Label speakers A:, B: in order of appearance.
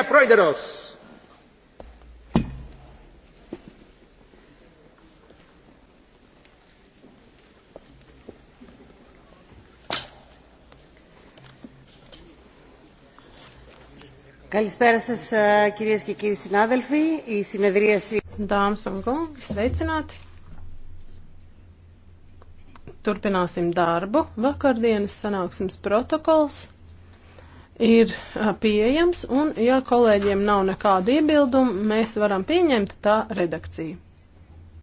A: Καπρόιδερος.
B: Καλησπέρα σας κυρίες και κύριοι συνάδελφοι. Η συνεδρίαση... Dāmas un kungi, sveicināti! Turpināsim darbu. Vakardienas
C: sanāksmes protokols ir pieejams, un ja kolēģiem nav nekāda iebilduma, mēs varam pieņemt tā redakciju.